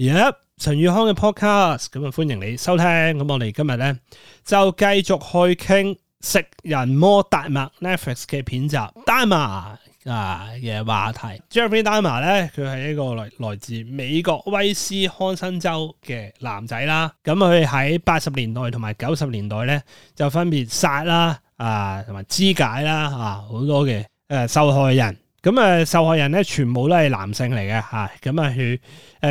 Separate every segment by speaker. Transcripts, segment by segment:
Speaker 1: Yep，陳宇康嘅 podcast，咁啊歡迎你收聽。咁我哋今日咧就繼續去傾食人魔達默 Netflix 嘅片集《Dahmer》啊嘅話題。Jeffrey Dahmer 咧，佢係一個來來自美國威斯康辛州嘅男仔啦。咁佢喺八十年代同埋九十年代咧，就分別殺啦啊，同埋肢解啦啊，好多嘅誒受害人。咁啊，受害人咧全部都係男性嚟嘅嚇，咁啊去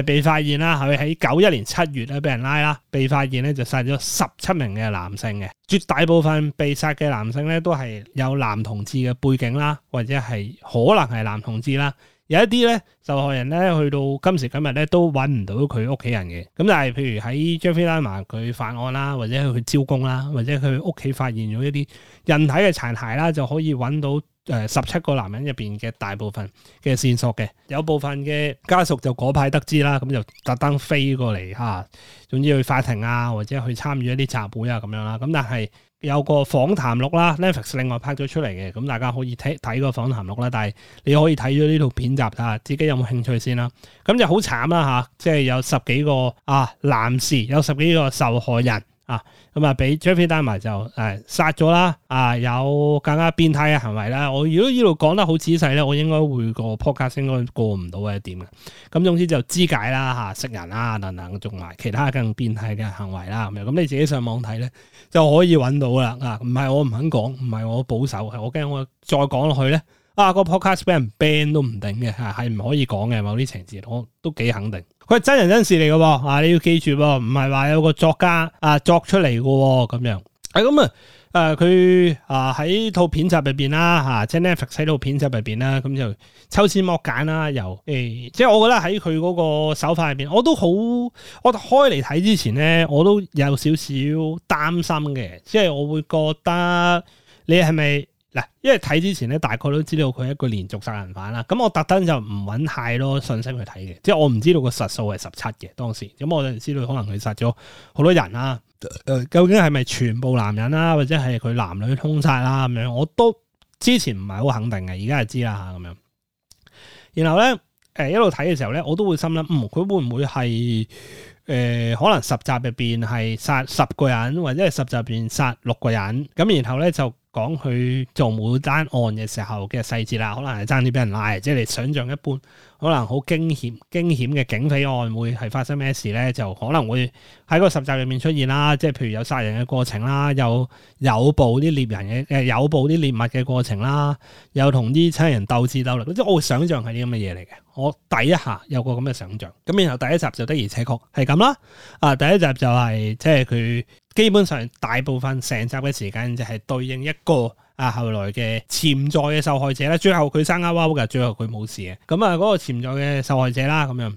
Speaker 1: 被發現啦，佢喺九一年七月咧俾人拉啦，被發現咧就殺咗十七名嘅男性嘅，絕大部分被殺嘅男性咧都係有男同志嘅背景啦，或者係可能係男同志啦，有一啲咧受害人咧去到今時今日咧都揾唔到佢屋企人嘅，咁但係譬如喺 Jeffrey Dahmer 佢犯案啦，或者佢去招供啦，或者佢屋企發現咗一啲人體嘅殘骸啦，就可以揾到。誒十七個男人入面嘅大部分嘅線索嘅，有部分嘅家屬就嗰排得知啦，咁就特登飛過嚟嚇，總之去法庭啊，或者去參與一啲集會啊咁樣啦。咁但係有個訪談錄啦，Netflix 另外拍咗出嚟嘅，咁大家可以睇睇個訪談錄啦。但係你可以睇咗呢套片集嚇，自己有冇興趣先啦。咁就好慘啦吓，即係有十幾個啊男士，有十幾個受害人。啊，咁、哎、啊，俾 Jeffrey Dahmer 就誒殺咗啦，啊有更加變態嘅行為啦。我如果呢度講得好仔細咧，我應該會個 podcast 應該過唔到嘅點嘅。咁總之就肢解啦，嚇、啊，食人啦，等等，仲埋其他更變態嘅行為啦。咁你自己上網睇咧就可以揾到啦。啊，唔係我唔肯講，唔係我保守，係我驚我再講落去咧，啊個 podcast 俾人 ban 都唔定嘅，係唔可以講嘅某啲情節，我都幾肯定。佢真人真事嚟嘅，啊你要記住，唔係話有個作家啊作出嚟嘅咁樣。係咁啊，誒佢啊喺套片集入邊啦，吓、啊、即係 Netflix 喺套片集入邊啦，咁、嗯、就抽絲剝繭啦，又誒、欸，即係我覺得喺佢嗰個手法入邊，我都好，我開嚟睇之前咧，我都有少少擔心嘅，即係我會覺得你係咪？嗱，因為睇之前咧，大概都知道佢係一個連續殺人犯啦。咁我特登就唔揾太多信息去睇嘅，即係我唔知道個實數係十七嘅當時。咁我陣時知道可能佢殺咗好多人啦。究竟係咪全部男人啦，或者係佢男女通殺啦咁樣？我都之前唔係好肯定嘅，而家就知啦吓咁樣。然後咧，誒一路睇嘅時候咧，我都會心諗，嗯，佢會唔會係誒、呃、可能十集入邊係殺十個人，或者係十集入邊殺六個人？咁然後咧就。講佢做每單案嘅時候嘅細節啦，可能係爭啲俾人拉，即係你想象一般，可能好驚險驚險嘅警匪案會係發生咩事咧？就可能會喺嗰個十集入面出現啦。即係譬如有殺人嘅過程啦、呃，有誘捕啲獵人嘅，誒誘捕啲獵物嘅過程啦，又同啲親人鬥智鬥力。即我會想象係啲咁嘅嘢嚟嘅。我第一下有個咁嘅想象，咁然後第一集就的而且確係咁啦。啊，第一集就係、是、即係佢。基本上大部分成集嘅時間就係對應一個啊後來嘅潛在嘅受害者啦，最後佢生阿瓦伯格，最後佢冇事嘅，咁、那、啊個潛在嘅受害者啦，咁樣，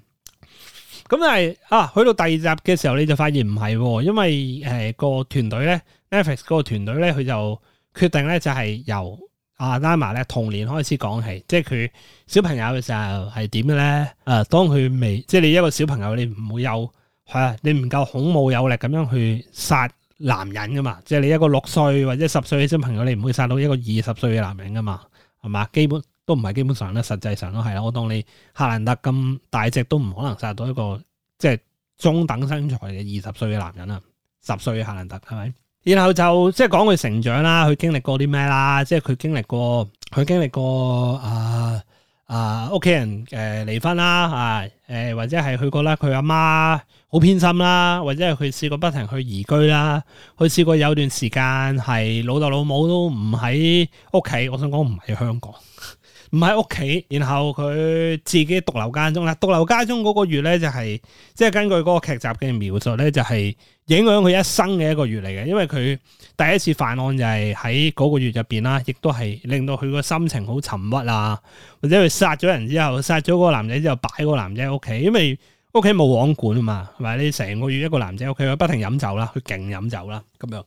Speaker 1: 但係啊去到第二集嘅時候，你就發現唔係、哦，因為誒、呃那個團隊咧，Ephes 嗰個團隊咧，佢就決定咧就係由阿 Naya 咧童年開始講起，即係佢小朋友嘅時候係點嘅咧，誒、啊、當佢未即係你一個小朋友，你唔會有。係啊，你唔夠恐怖有力咁樣去殺男人噶嘛？即係你一個六歲或者十歲嘅小朋友，你唔會殺到一個二十歲嘅男人噶嘛？係嘛？基本都唔係基本上咧，實際上都係啦！我當你夏蘭特咁大隻，都唔可能殺到一個即係中等身材嘅二十歲嘅男人啊！十歲嘅夏蘭特係咪？然後就即係講佢成長啦，佢經歷過啲咩啦？即係佢經歷過，佢經歷過啊。啊！屋企人誒離婚啦，啊誒或者係去過啦，佢阿媽好偏心啦，或者係佢試過不停去移居啦，佢試過有段時間係老豆老母都唔喺屋企，我想講唔喺香港。唔喺屋企，然後佢自己獨留家中啦。獨留家中嗰個月咧、就是，就係即係根據嗰個劇集嘅描述咧，就係影響佢一生嘅一個月嚟嘅。因為佢第一次犯案就係喺嗰個月入邊啦，亦都係令到佢個心情好沉鬱啊。或者佢殺咗人之後，殺咗嗰個男仔之後，擺嗰個男仔喺屋企，因為屋企冇網管啊嘛，係咪你成個月一個男仔屋企，佢不停飲酒啦，佢勁飲酒啦，咁樣。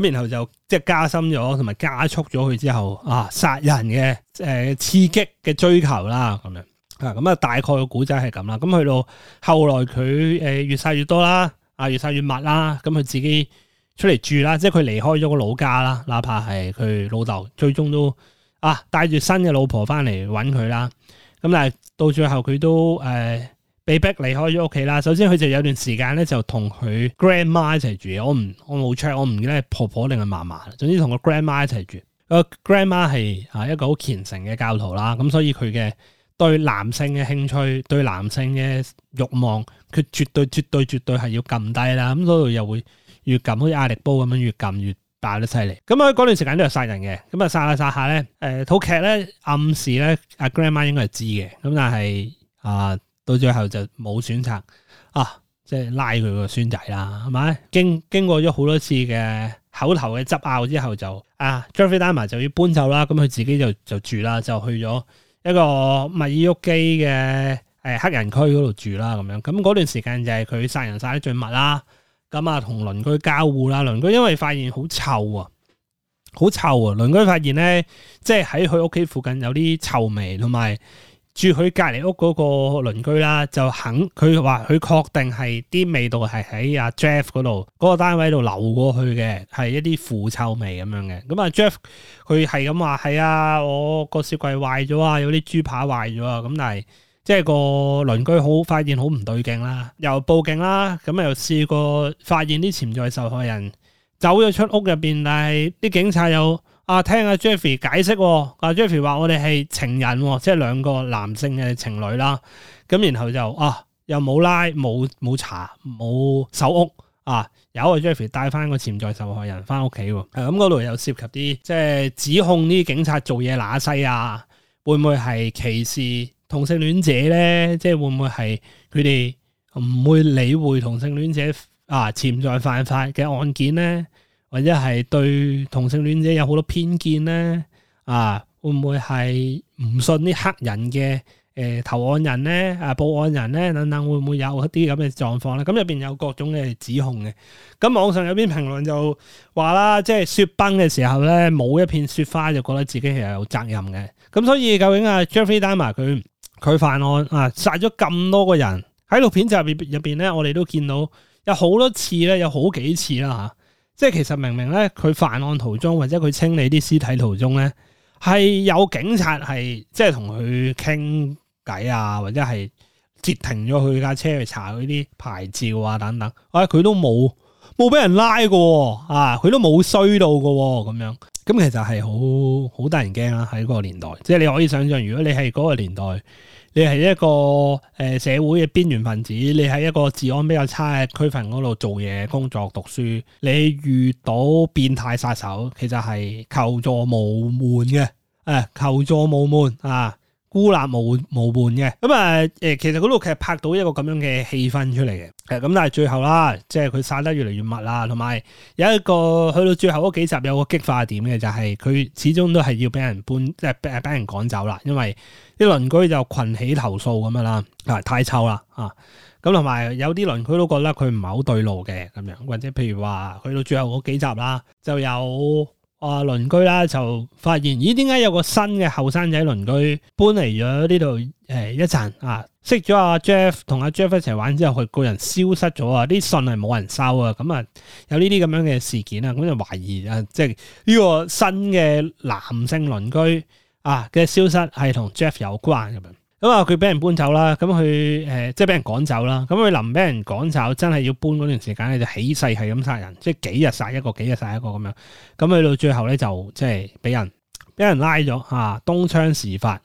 Speaker 1: 咁然後就即係加深咗，同埋加速咗佢之後啊，殺人嘅、呃、刺激嘅追求啦，咁樣咁啊、嗯嗯、大概個故仔係咁啦。咁、嗯、去到後來，佢、呃、越殺越多啦，啊越殺越密啦。咁、啊、佢自己出嚟住啦，即係佢離開咗個老家啦。哪怕係佢老豆，最終都啊帶住新嘅老婆翻嚟揾佢啦。咁、啊、但係到最後佢都、呃被逼離開咗屋企啦。首先佢就有段時間咧，就同佢 grandma 一齊住。我唔我冇 check，我唔記得係婆婆定係嫲嫲。總之同個 grandma 一齊住。個 grandma 係啊一個好虔誠嘅教徒啦。咁所以佢嘅對男性嘅興趣、對男性嘅慾望，佢絕對、絕對、絕對係要撳低啦。咁所以佢又會越撳好似壓力煲咁樣越撳越大得犀利。咁啊嗰段時間都有殺人嘅。咁啊殺下殺下咧，誒套劇咧暗示咧阿 grandma 應該係知嘅。咁但係啊～、呃到最後就冇選擇啊，即係拉佢個孫仔啦，係咪？經經過咗好多次嘅口頭嘅執拗之後就，就啊，Jeffrey Dahmer 就要搬走啦。咁佢自己就就住啦，就去咗一個密爾沃基嘅誒黑人區嗰度住啦。咁樣，咁嗰段時間就係佢殺人殺得最密啦。咁啊，同鄰居交互啦，鄰居因為發現好臭啊，好臭啊，鄰居發現咧，即係喺佢屋企附近有啲臭味同埋。住佢隔離屋嗰個鄰居啦，就肯佢話佢確定係啲味道係喺阿 Jeff 嗰度嗰個單位度流過去嘅，係一啲腐臭味咁樣嘅。咁啊 Jeff 佢係咁話：係啊，我個雪櫃壞咗啊，有啲豬扒壞咗啊。咁但係即係個鄰居好發現好唔對勁啦，又報警啦。咁又試過發現啲潛在受害人走咗出屋入邊，但係啲警察又……啊，聽阿 Jeffy 解釋，阿 Jeffy 話我哋係情人，即係兩個男性嘅情侶啦。咁然後就啊，又冇拉冇冇查冇搜屋啊，有阿 Jeffy 帶翻個潛在受害人翻屋企。咁嗰度又涉及啲，即係指控啲警察做嘢乸西啊，會唔會係歧視同性戀者咧？即係會唔會係佢哋唔會理會同性戀者啊潛在犯法嘅案件咧？或者係對同性戀者有好多偏見咧，啊，會唔會係唔信啲黑人嘅誒、呃、投案人咧，啊報案人咧等等，會唔會有一啲咁嘅狀況咧？咁入邊有各種嘅指控嘅，咁網上有篇評論就話啦，即、就、係、是、雪崩嘅時候咧，冇一片雪花就覺得自己係有責任嘅。咁所以究竟啊，Jeffrey Dahmer 佢佢犯案啊，殺咗咁多個人喺錄片集入入邊咧，我哋都見到有好多次咧，有好幾次啦吓。啊即係其實明明咧，佢犯案途中或者佢清理啲屍體途中咧，係有警察係即係同佢傾偈啊，或者係截停咗佢架車去查佢啲牌照啊等等，啊、哎、佢都冇冇俾人拉過，啊佢都冇衰到喎。咁樣，咁其實係好好得人驚啦喺嗰個年代，即係你可以想象，如果你係嗰個年代。你係一個誒社會嘅邊緣分子，你喺一個治安比較差嘅區份嗰度做嘢、工作、讀書，你遇到變態殺手，其實係求助無門嘅，誒、啊、求助無門啊！孤立無無伴嘅，咁啊誒，其實嗰度其實拍到一個咁樣嘅氣氛出嚟嘅，咁、嗯、但係最後啦，即係佢散得越嚟越密啦，同埋有，有一個去到最後嗰幾集有個激化點嘅，就係、是、佢始終都係要俾人搬，即係俾人趕走啦，因為啲鄰居就群起投訴咁樣啦，啊太臭啦啊，咁同埋有啲鄰居都覺得佢唔係好對路嘅咁樣，或者譬如話去到最後嗰幾集啦，就有。啊，鄰居啦就發現咦，點解有個新嘅後生仔鄰居搬嚟咗呢度，誒一陣啊，識咗阿、啊、Jeff 同阿、啊、Jeff 一齊玩之後，佢個人消失咗啊，啲信係冇人收啊，咁啊有呢啲咁樣嘅事件啊，咁就懷疑啊，即係呢個新嘅男性鄰居啊嘅消失係同 Jeff 有關咁樣咁啊，佢俾人搬走啦，咁佢誒即係俾人趕走啦。咁佢臨俾人趕走，真係要搬嗰段時間咧，就起勢係咁殺人，即係幾日殺一個，幾日殺一個咁樣。咁佢到最後咧就即係俾人俾人拉咗啊，東窗事發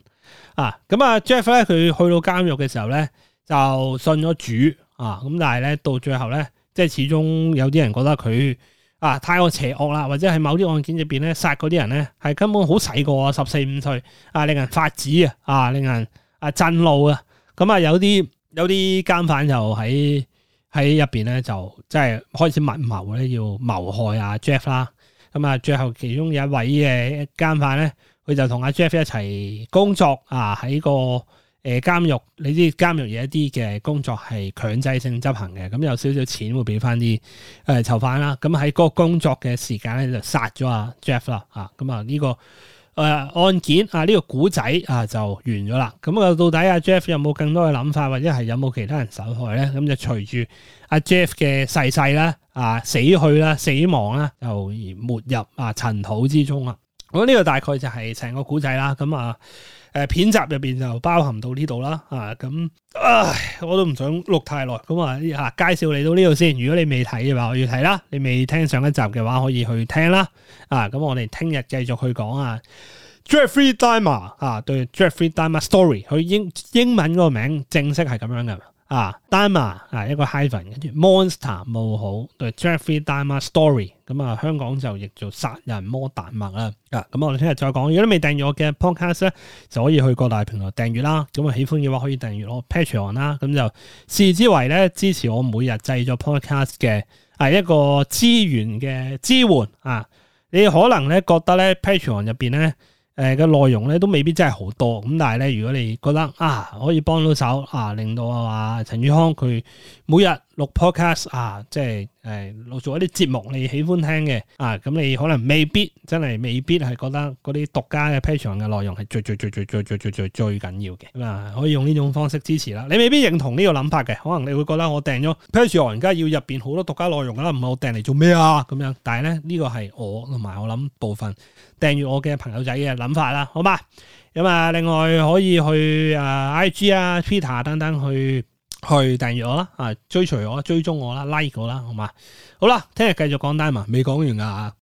Speaker 1: 啊。咁啊，Jeff 咧佢去到監獄嘅時候咧就信咗主啊。咁但係咧到最後咧，即係始終有啲人覺得佢啊太過邪惡啦，或者係某啲案件入邊咧殺嗰啲人咧係根本好細個啊，十四五歲啊，令人髮指啊，啊令人～啊！震怒啊！咁啊，有啲有啲監犯就喺喺入邊咧，面就即係開始密謀咧，要謀害阿 Jeff 啦。咁啊，最後其中有一位嘅監犯咧，佢就同阿 Jeff 一齊工作啊，喺個誒監獄，你知監獄有一啲嘅工作係強制性執行嘅，咁有少少錢會俾翻啲誒囚犯啦。咁喺嗰個工作嘅時間咧，就殺咗阿 Jeff 啦。啊，咁啊呢個。誒案件啊，呢、這個古仔啊就完咗啦。咁啊，到底阿 Jeff 有冇更多嘅諗法，或者係有冇其他人受害咧？咁就隨住阿 Jeff 嘅逝世啦、啊死去啦、死亡啦，就沒入啊塵土之中啊。咁呢個大概就係成個古仔啦。咁啊。誒片集入面就包含到呢度啦，咁、啊，唉，我都唔想錄太耐咁啊！介紹你到呢度先，如果你未睇嘅話，我要睇啦；你未聽上一集嘅話，可以去聽啦。啊，咁我哋聽日繼續去講啊。Jeffrey Dahmer 啊，對 Jeffrey Dahmer Story，佢英英文個名正式係咁樣嘅啊，Dahmer 啊一個 hyphen 跟住 monster 冇好對 Jeffrey Dahmer Story。咁啊，香港就譯做殺人魔大物啦。啊，咁我哋聽日再講。如果你未訂閱我嘅 podcast 咧，就可以去各大平台訂閱啦。咁啊，喜歡嘅話可以訂閱我 Patreon 啦。咁就視之為咧，支持我每日製作 podcast 嘅，啊一個資源嘅支援啊。你可能咧覺得咧 Patreon 入邊咧誒嘅，呃、內容咧都未必真係好多。咁但係咧，如果你覺得啊可以幫到手啊，令到啊陳宇康佢每日。錄 podcast 啊，即係誒，錄、啊、做一啲節目你喜歡聽嘅啊，咁你可能未必真係未必係覺得嗰啲獨家嘅 patreon 嘅內容係最最最最最最最最緊要嘅。咁啊，可以用呢種方式支持啦。你未必認同呢個諗法嘅，可能你會覺得我訂咗 patreon 而家要入邊好多獨家內容噶啦，唔係我訂嚟做咩啊咁樣。但係咧呢、呢個係我同埋我諗部分訂閱我嘅朋友仔嘅諗法啦，好嘛？咁啊，另外可以去誒、啊、IG 啊 Twitter 等等去。去訂閱我啦，啊，追隨我啦，追蹤我啦，like 我啦，好嘛？好啦，聽日繼續講單嘛，未講完噶啊。